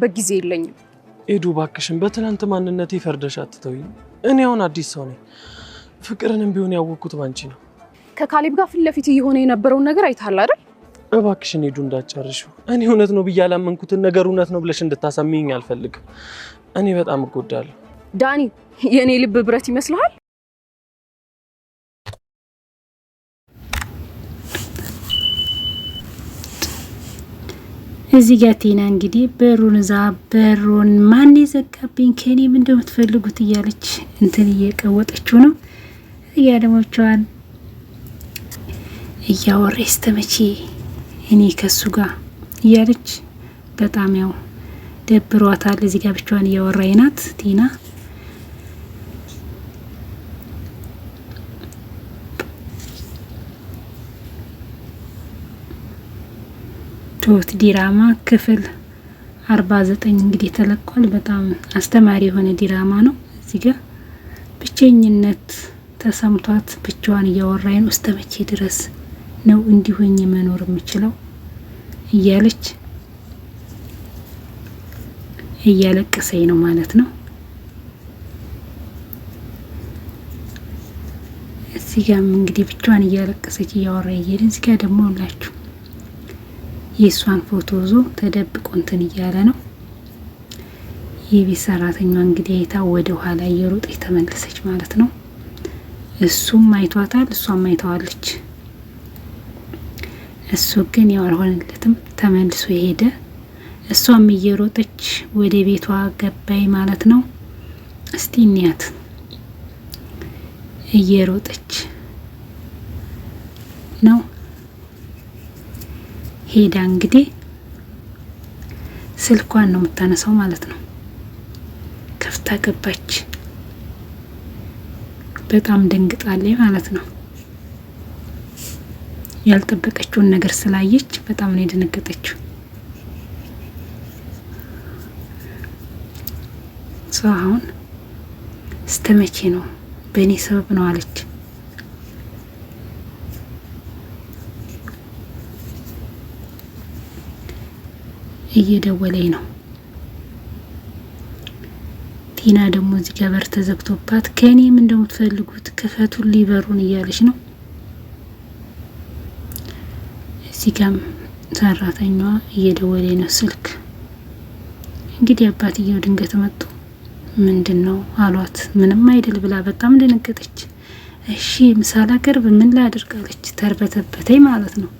በጊዜ የለኝም። ኤዱ ባክሽን፣ በትናንት ማንነት ይፈርደሽ አትተው እኔ አሁን አዲስ ሰው ነኝ። ፍቅርንም ቢሆን ያወቅኩት ባንቺ ነው። ከካሌብ ጋር ፊት ለፊት እየሆነ የነበረውን ነገር አይተሃል አይደል? እባክሽን ኤዱ እንዳትጨርሺው። እኔ እውነት ነው ብዬ ያላመንኩትን ነገር እውነት ነው ብለሽ እንድታሳምኚኝ አልፈልግም። እኔ በጣም እጎዳለሁ ዳኒ። የእኔ ልብ ብረት ይመስልሃል? እዚህ ጋር ቴና እንግዲህ በሩን እዛ በሩን ማን የዘጋብኝ ከኔ ምን እንደምትፈልጉት እያለች እንትን እየቀወጠችው ነው። እያ ደሞቿን እያወራ ስተመቼ እኔ ከሱ ጋር እያለች በጣም ያው ደብሯታል። እዚህ ጋር ብቻዋን እያወራ ናት ቴና ትሁት ዲራማ ክፍል አርባ ዘጠኝ እንግዲህ ተለቋል። በጣም አስተማሪ የሆነ ዲራማ ነው። እዚህ ጋር ብቸኝነት ተሰምቷት ብቻዋን እያወራኝ ነው፣ እስከ መቼ ድረስ ነው እንዲሆኝ መኖር የምችለው እያለች እያለቀሰኝ ነው ማለት ነው። እዚህ ጋም እንግዲህ ብቻዋን እያለቀሰች እያወራ እየሄድን እዚህ ጋር ደግሞ ሁላችሁ የእሷን ፎቶ ዞ ተደብቆ እንትን እያለ ነው። የቤት ሰራተኛ እንግዲህ አይታ ወደ ኋላ እየሮጠ የተመለሰች ማለት ነው። እሱም አይቷታል፣ እሷም አይተዋለች። እሱ ግን ያው አልሆነለትም፣ ተመልሶ ሄደ። እሷም እየሮጠች ወደ ቤቷ ገባይ ማለት ነው። እስቲ እንያት እየሮጠች ነው። ሄዳ እንግዲህ ስልኳን ነው የምታነሳው ማለት ነው። ከፍታ ገባች። በጣም ደንግጣለች ማለት ነው። ያልጠበቀችውን ነገር ስላየች በጣም ነው የደነገጠችው። ሰው አሁን ስተመቼ ነው በእኔ ሰበብ ነው አለች። እየደወለኝ ነው። ቲና ደግሞ እዚህ ጋር በር ተዘግቶባት ከእኔም እንደምትፈልጉት ክፈቱን ሊበሩን እያለች ነው። እዚህ ጋም ሰራተኛዋ እየደወለኝ ነው ስልክ። እንግዲህ አባትየው ድንገት መጡ። ምንድን ነው አሏት። ምንም አይደል ብላ በጣም ደነገጠች። እሺ ምሳላ ቅርብ ምን ላድርግ አለች። ተርበተበተኝ ማለት ነው።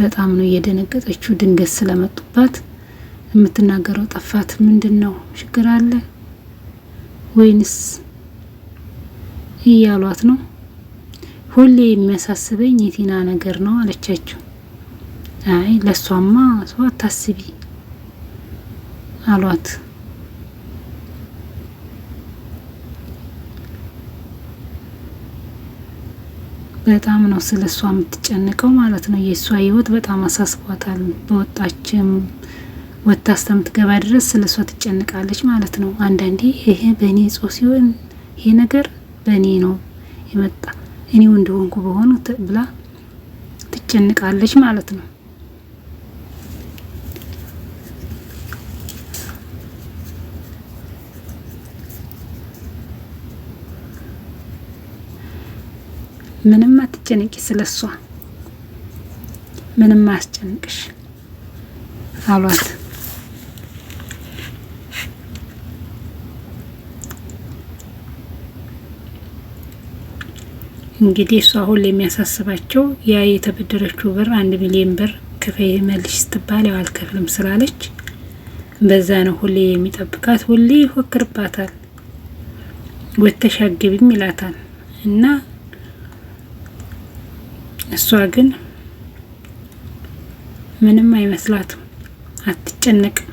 በጣም ነው እየደነገጠችው። ድንገት ስለመጡባት የምትናገረው ጠፋት። ምንድን ነው ችግር አለ ወይንስ እያሏት ነው። ሁሌ የሚያሳስበኝ የቲና ነገር ነው አለቻችው? አይ ለእሷማ ሰው አታስቢ አሏት። በጣም ነው ስለ እሷ የምትጨንቀው ማለት ነው። የእሷ ህይወት በጣም አሳስቧታል። በወጣችም ወታ እስከምትገባ ድረስ ስለ እሷ ትጨንቃለች ማለት ነው። አንዳንዴ ይሄ በእኔ ጾ ሲሆን ይሄ ነገር በእኔ ነው የመጣ እኔው እንደሆንኩ በሆኑ ብላ ትጨንቃለች ማለት ነው። ምንም አትጨነቂ ስለሷ ምንም አያስጨንቅሽ አሏት። እንግዲህ እሷ ሁሉ የሚያሳስባቸው ያ የተበደረችው ብር አንድ ሚሊዮን ብር ክፈይ መልሽ ስትባል ያው አልከፍልም ስላለች በዛ ነው ሁሌ የሚጠብቃት። ሁሌ ይፎክርባታል። ወተሻግብም ይላታል እና እሷ ግን ምንም አይመስላትም፣ አትጨነቅም።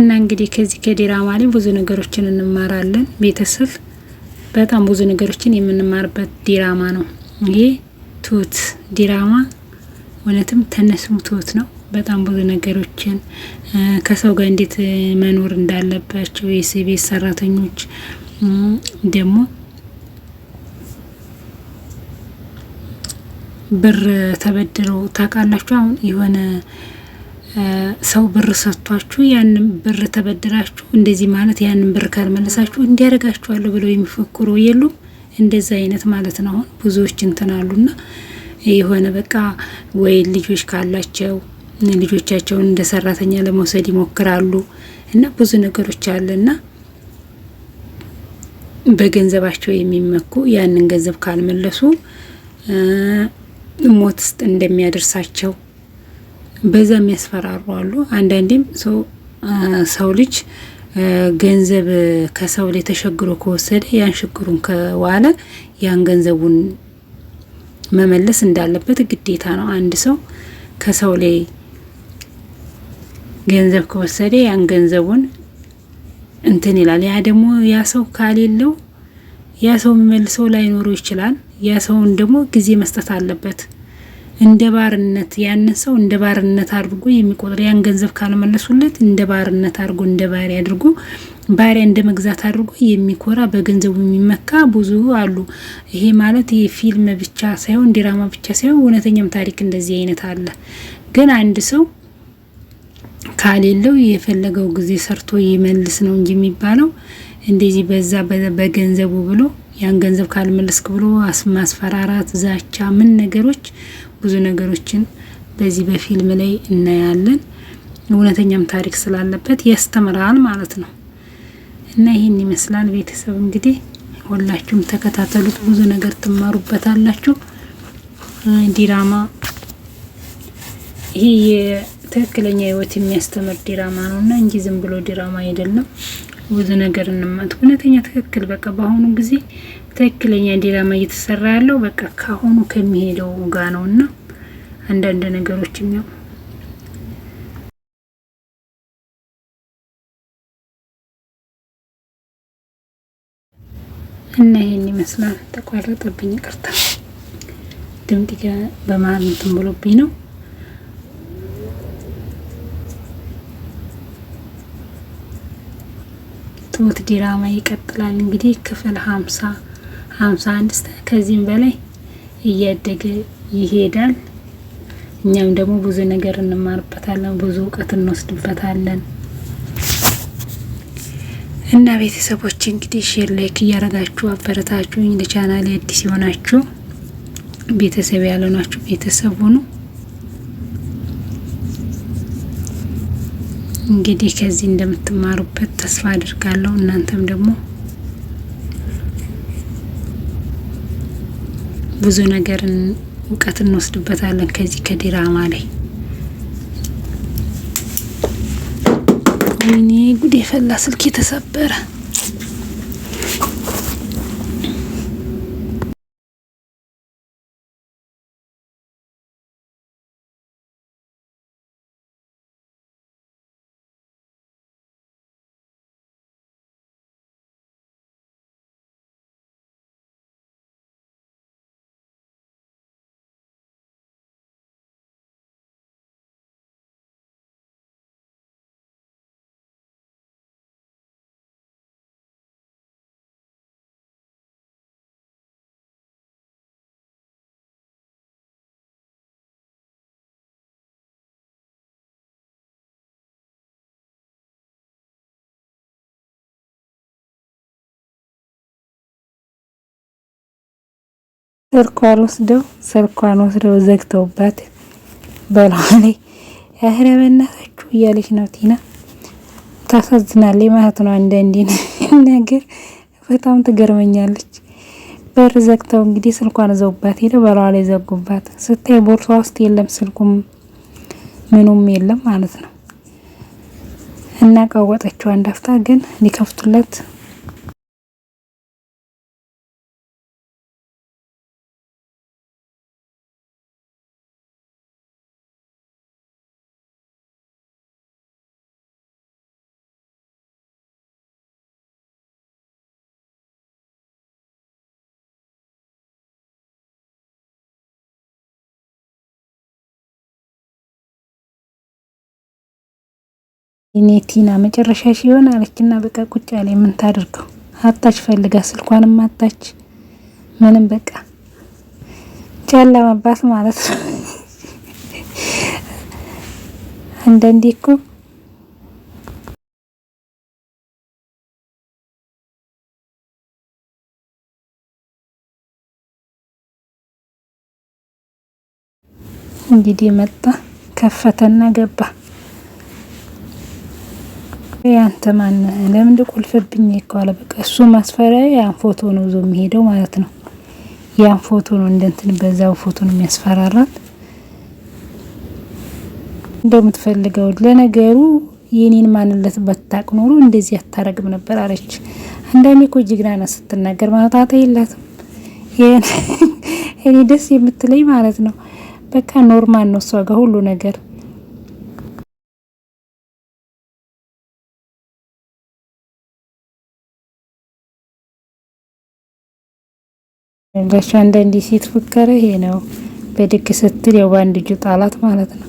እና እንግዲህ ከዚህ ከዲራማ ላይ ብዙ ነገሮችን እንማራለን ቤተሰብ በጣም ብዙ ነገሮችን የምንማርበት ዲራማ ነው። ይሄ ትሁት ዲራማ እውነትም ተነስሙ ትሁት ነው። በጣም ብዙ ነገሮችን ከሰው ጋር እንዴት መኖር እንዳለባቸው የሲቤስ ሰራተኞች ደግሞ ብር ተበድረው ታውቃላችሁ። አሁን የሆነ ሰው ብር ሰጥቷችሁ ያንን ብር ተበድራችሁ እንደዚህ ማለት ያንን ብር ካልመለሳችሁ እንዲያደርጋችኋለሁ ብለው የሚፈክሩ የሉም። እንደዛ አይነት ማለት ነው። አሁን ብዙዎች እንትናሉና የሆነ በቃ ወይ ልጆች ካላቸው ልጆቻቸውን እንደ ሰራተኛ ለመውሰድ ይሞክራሉ እና ብዙ ነገሮች አለና በገንዘባቸው የሚመኩ ያንን ገንዘብ ካልመለሱ ሞት ውስጥ እንደሚያደርሳቸው በዛ የሚያስፈራሩ አሉ። አንዳንዴም ሰው ልጅ ገንዘብ ከሰው ላይ ተሸግሮ ከወሰደ ያን ሽግሩን ከዋለ ያን ገንዘቡን መመለስ እንዳለበት ግዴታ ነው። አንድ ሰው ከሰው ላይ ገንዘብ ከወሰደ ያን ገንዘቡን እንትን ይላል። ያ ደግሞ ያ ሰው ካሌለው ያ ሰው የሚመልሰው ላይኖረው ይችላል። ያ ሰውን ደግሞ ጊዜ መስጠት አለበት። እንደ ባርነት ያንን ሰው እንደ ባርነት አድርጎ የሚቆጥር ያን ገንዘብ ካለመለሱለት እንደ ባርነት አድርጎ እንደ ባሪያ አድርጎ ባሪያ እንደ መግዛት አድርጎ የሚኮራ በገንዘቡ የሚመካ ብዙ አሉ። ይሄ ማለት ይሄ ፊልም ብቻ ሳይሆን ዲራማ ብቻ ሳይሆን እውነተኛም ታሪክ እንደዚህ አይነት አለ። ግን አንድ ሰው ካሌለው የፈለገው ጊዜ ሰርቶ ይመልስ ነው እንጂ የሚባለው እንደዚህ በዛ በገንዘቡ ብሎ ያን ገንዘብ ካልመለስክ ብሎ ማስፈራራት፣ ዛቻ ምን ነገሮች ብዙ ነገሮችን በዚህ በፊልም ላይ እናያለን። እውነተኛም ታሪክ ስላለበት ያስተምራል ማለት ነው እና ይህን ይመስላል ቤተሰብ እንግዲህ ሁላችሁም ተከታተሉት፣ ብዙ ነገር ትማሩበታላችሁ። ዲራማ ይሄ የትክክለኛ ህይወት የሚያስተምር ዲራማ ነው እና እንጂ ዝም ብሎ ዲራማ አይደለም። ብዙ ነገር እንማት እውነተኛ ትክክል በቃ በአሁኑ ጊዜ ትክክለኛ ዲራማ እየተሰራ ያለው በቃ ካሁኑ ከሚሄደው ጋ ነው እና አንዳንድ ነገሮች የሚያው እና ይሄን ይመስላል። ተቋረጠብኝ፣ ይቅርታ ድምጤ በመሀል እንትን ብሎብኝ ነው። ትሁት ዲራማ ይቀጥላል እንግዲህ ክፍል ሀምሳ ሀምሳ አንድ ከዚህም በላይ እያደገ ይሄዳል። እኛም ደግሞ ብዙ ነገር እንማርበታለን፣ ብዙ እውቀት እንወስድበታለን። እና ቤተሰቦች እንግዲህ ሼር ላይክ እያረጋችሁ አበረታችሁኝ። ለቻናል አዲስ የሆናችሁ ቤተሰብ ያልሆናችሁ ቤተሰብ ሁኑ። እንግዲህ ከዚህ እንደምትማሩበት ተስፋ አድርጋለሁ። እናንተም ደግሞ ብዙ ነገርን እውቀት እንወስድበታለን ከዚህ ከዲራማ ላይ። ወይኔ ጉድ ስልክ የተሰበረ ስልኳን ወስደው ስልኳን ወስደው ዘግተውባት በላዋሌ ያህረ በእናታችሁ እያለች ነው ቲና። ታሳዝናለች ማለት ነው። አንዳንዴ ነገር በጣም ትገርመኛለች። በር ዘግተው እንግዲህ ስልኳን ዘውባት ሄደው በላዋሌ ዘጉባት። ስታይ ቦርሳ ውስጥ የለም ስልኩም ምኑም የለም ማለት ነው። እና ቀወጠችው አንዳፍታ ግን ሊከፍቱለት እኔ ቲና መጨረሻ ሲሆን አለችና በቃ ቁጭ ያለ ምን አታች አጣች፣ ፈልጋ ስልኳንም አጣች። ምንም በቃ ጨለመባት ማለት ነው። አንዳንዴ እኮ እንግዲህ መጣ ከፈተና ገባ አንተ ማን ለምን እንደቆልፈብኝ ይከዋለ በቃ እሱ ማስፈሪያ ያን ፎቶ ነው ዞ የሚሄደው ማለት ነው። ያን ፎቶ ነው እንደንትን በዛው ፎቶ ነው የሚያስፈራራት እንደምትፈልገው ለነገሩ የኔን ማንነት በታቅ ኖሮ እንደዚህ አታረግም ነበር አለች። አንዳንዴ እኮ ጀግና ስትናገር ማታታ የላትም። እኔ ደስ የምትለኝ ማለት ነው በቃ ኖርማል ነው እሷ ጋር ሁሉ ነገር ጋሻ አንዳንዴ ሴት ፉከረ ይሄ ነው። በድግ ስትል ያው በአንድ እጁ ጣላት ማለት ነው።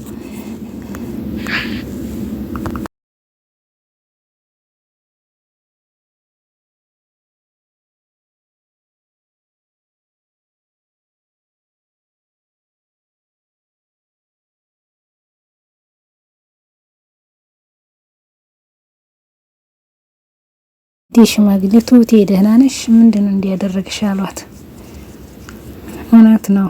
ሽማግሌቱ ትሄ ደህና ነሽ ምንድነው እንዲያደረግሽ አሏት። እውነት ነው።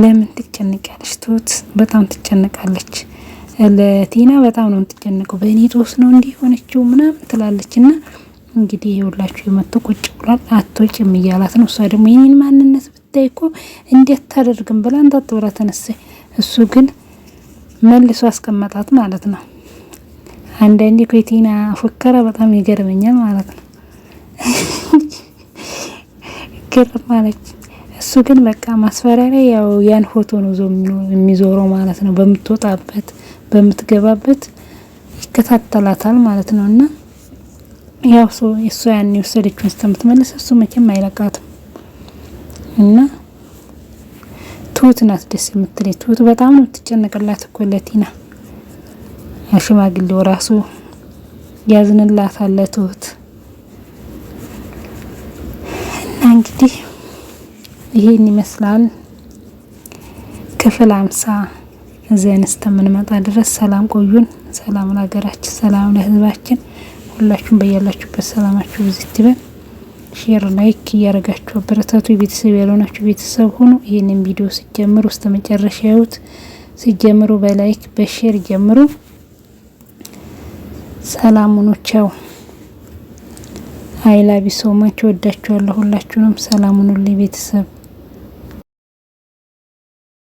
ለምን ትጨንቃለች? ትሁት በጣም ትጨነቃለች? ለቴና በጣም ነው የምትጨነቀው። በእኔ ጦስ ነው እንዲህ የሆነችው ምናምን ትላለች። እና እንግዲህ የሁላችሁ የመቶ ቁጭ ብሏል አትወጭም እያላት ነው። እሷ ደግሞ የኔን ማንነት ብታይ እኮ እንዴት ታደርግም ብላ እንጣጥ ብላ ተነሳ። እሱ ግን መልሶ አስቀመጣት ማለት ነው። አንዳንዴ እኮ የቴና ፉከራ በጣም ይገርመኛል ማለት ነው። ገርማለች እሱ ግን በቃ ማስፈራሪያ ያው ያን ፎቶ ነው ዞ የሚዞረው ማለት ነው። በምትወጣበት በምትገባበት ይከታተላታል ማለት ነው። እና ያው እሱ ያን የወሰደችውን ስተምትመለስ እሱ መቼም አይለቃትም። እና ትሁት ናት ደስ የምትለኝ። ትሁት በጣም ነው የምትጨነቅላት እኮ ለቲና ሽማግሌው ራሱ ያዝንላታል ለትሁት እና እንግዲህ ይሄን ይመስላል ክፍል አምሳ እዚህ አይነት እስከምንመጣ ድረስ ሰላም ቆዩን። ሰላም ለሀገራችን፣ ሰላም ለህዝባችን። ሁላችሁም በያላችሁበት ሰላማችሁ ብዝት ይበል። ሼር ላይክ እያደረጋችሁ አበረታቱ። ቤተሰብ ያልሆናችሁ ቤተሰብ ሆኑ። ይህንን ቪዲዮ ሲጀምሩ እስከ መጨረሻ ያዩት። ሲጀምሩ በላይክ በሼር ጀምሩ። ሰላም ሁኑ። ቻው። አይላቢ ሰው ማች ወዳችኋለሁ። ሁላችሁንም ሰላም ሁኑልኝ ቤተሰብ